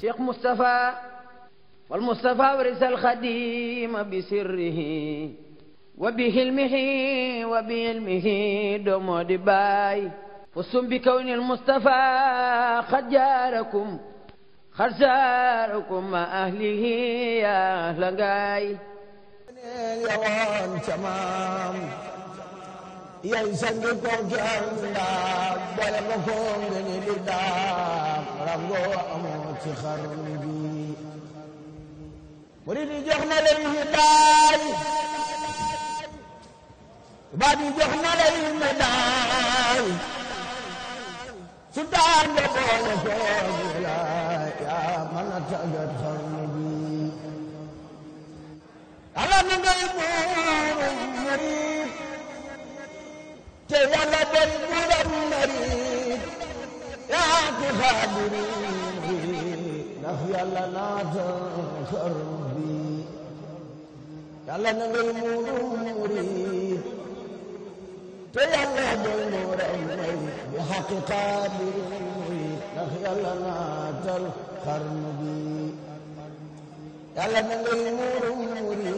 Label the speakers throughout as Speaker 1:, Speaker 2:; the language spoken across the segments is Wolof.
Speaker 1: cheikh Moustapha wal Moustapha warisal xadima bi sirrihi wa bi xilmihi wa bi ilmihi doomoo di baay fusum bi kawni al Moustapha xad jaarakum xad jaarakum ma ahlihi ya ahla ngaay yay sangi ko gandaam boole nga ko ngëni li daam rangoo amoo ci xarnu bi murid yi jox na lay hidaay tubaab yi na lay médaay sultaan nga boole ko laay yaa mën a tàggat xarnu bi ala na ngay buuru murid قادرين ndax yàlla naa tànkar bi yàlla na ngay muuri te yàlla doy muuram may bi xaqi qaadirin ndax yàlla naa tànkar bi yàlla na ngay muuri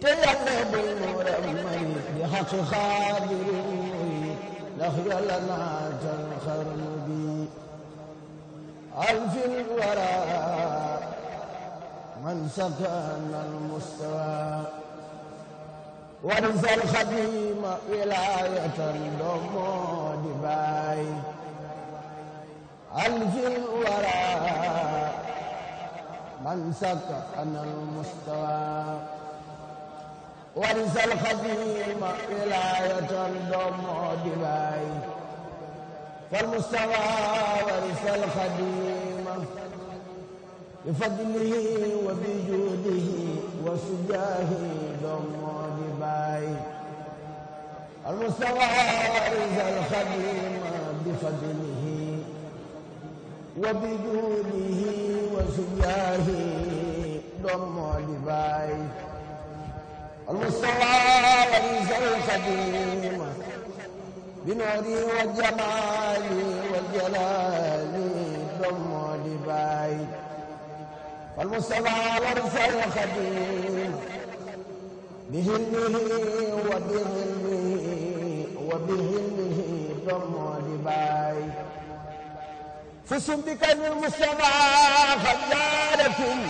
Speaker 1: te yàlla doy muuram may bi xaqi qaadirin نخجل نعت الخرم بي ألف الورى من سكن المستوى ورث الخديم ولاية دم دباي ألف الورى من سكن المستوى warisal xadima wilayatal doom moo di baay fal mustafa warisal xadima bi المصطفى ليس الخديم بنوري والجمال والجلال ضم لباي فالمصطفى ليس الخديم بهلمه وبهلمه وبهلمه ضم لباي فسم بك المصطفى خجالة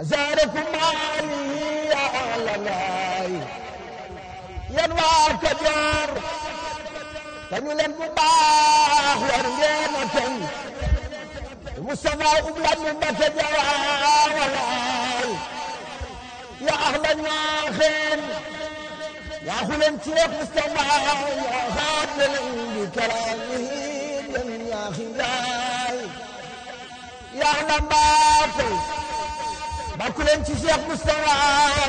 Speaker 1: أزاركم علي يا أهل الهي ينوار كجار تنو لن مباح ورغينا تن مصطفى أبلان مبتد يا أهل يا أهل الناخن يا خلن تيك مصطفى يا هادل بكرامه يا خلال يا أهل الناخن leen ci Cheikh Moustapha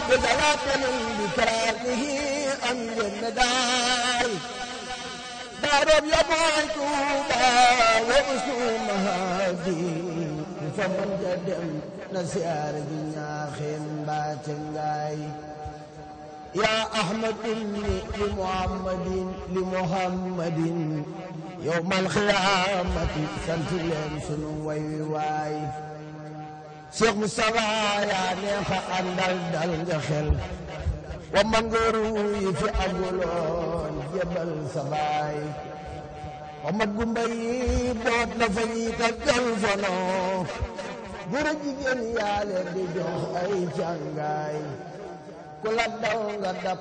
Speaker 1: bi salaat bi karaamihi am yenn daay daaroom ya mooy Tuuba wa usumaha bi fa mën dem na siyaare ji ñaaxeen mbaa ca yaa Ahmad ibni li Muhammadin li Muhammadin yowmal xiyaamati sant leen sunu way waay Cheikh Moustapha yaa neex a àndal dal nga xel wa yi fi aguloon jébal sa baay wa mat gumba boot na fa ñi ka gal fono gura jigéen di jox ay càngaay ku daw nga dab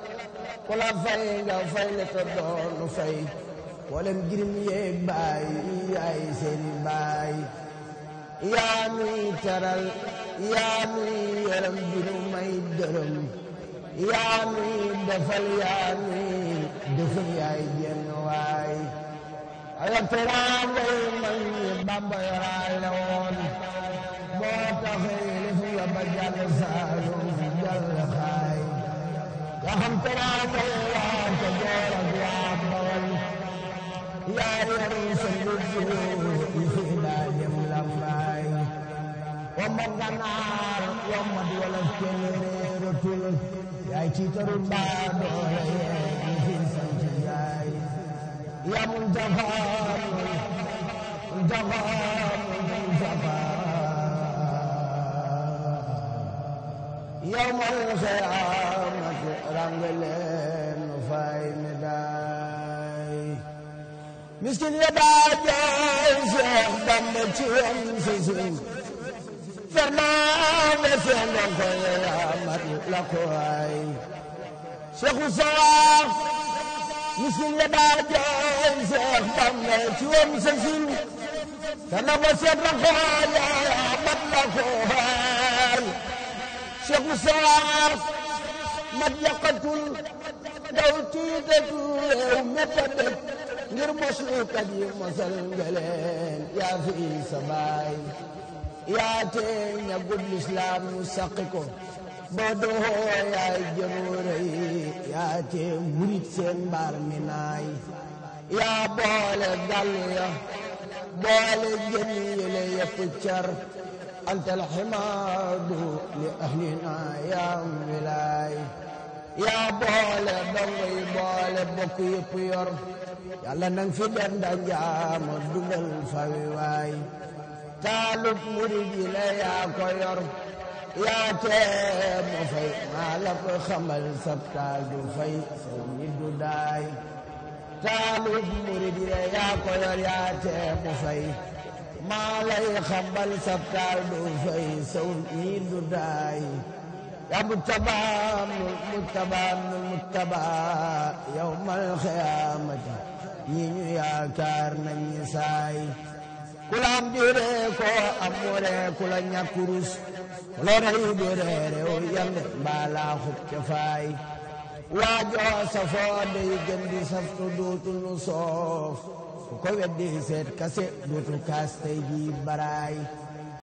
Speaker 1: ku la nga fay le te doon fay wala girim yeeg baay yaay seeni baay yaa nuy taral yaa nuy yaram may dërëm yaa nuy defal yaa nuy defal yaay jenn waay aya teraangay mag ñi Bamba yoraale moo tax yelif la ba jàll Saalum jàll xaay nga xam teraangay waa Kajoor ak wamba ganaar wamba di wolof kenn réeratul yaay ci taru baa doole yee di fi sant yaay yaa Muntaxa Muntaxa Muntaxa yawmal qiyaamati rangaleen fay mi daa miskin ya daa Seex Bamba ci wen sa suuf Fernande seen doon ko yelamat la ko waay Seex Bamba ci wen sa suuf te na ko seet la ko waay yelamat la ko waay Seexu Sawaaf mat yaqatul daw tuuta tuuréew a ngir bos ni kat mosal ngeleen yaa fi sa baay yaa tee ña gub nu saqi ko ba doxoo yaay jënoore yi yaa tee murit seen mbaar mi naay yaa boole ya boole jën yële yëpp car li ahlina yaa wilaay yaa boole dongo yi boole bokk yëpp yor yàlla nang fi dem da njaama dugal waay taalub murid yi la yaa ko yaa tee mo fay maa la ko xamal du fay saw du daay taalub murid yi la yaa ko yaa tee mo fay maa lay xamal sab du fay saw du daay مجتبى مجتبى مجتبى يوم القيامة ñi ñu yaakaar nañu ku la am diiree ko amuree ku la ñàkk rus loona yi diiree réew yande mbaalaa xub safoo day gën di duutu nu soof ku ko weddi seet kase duutu kaas tey jii baraay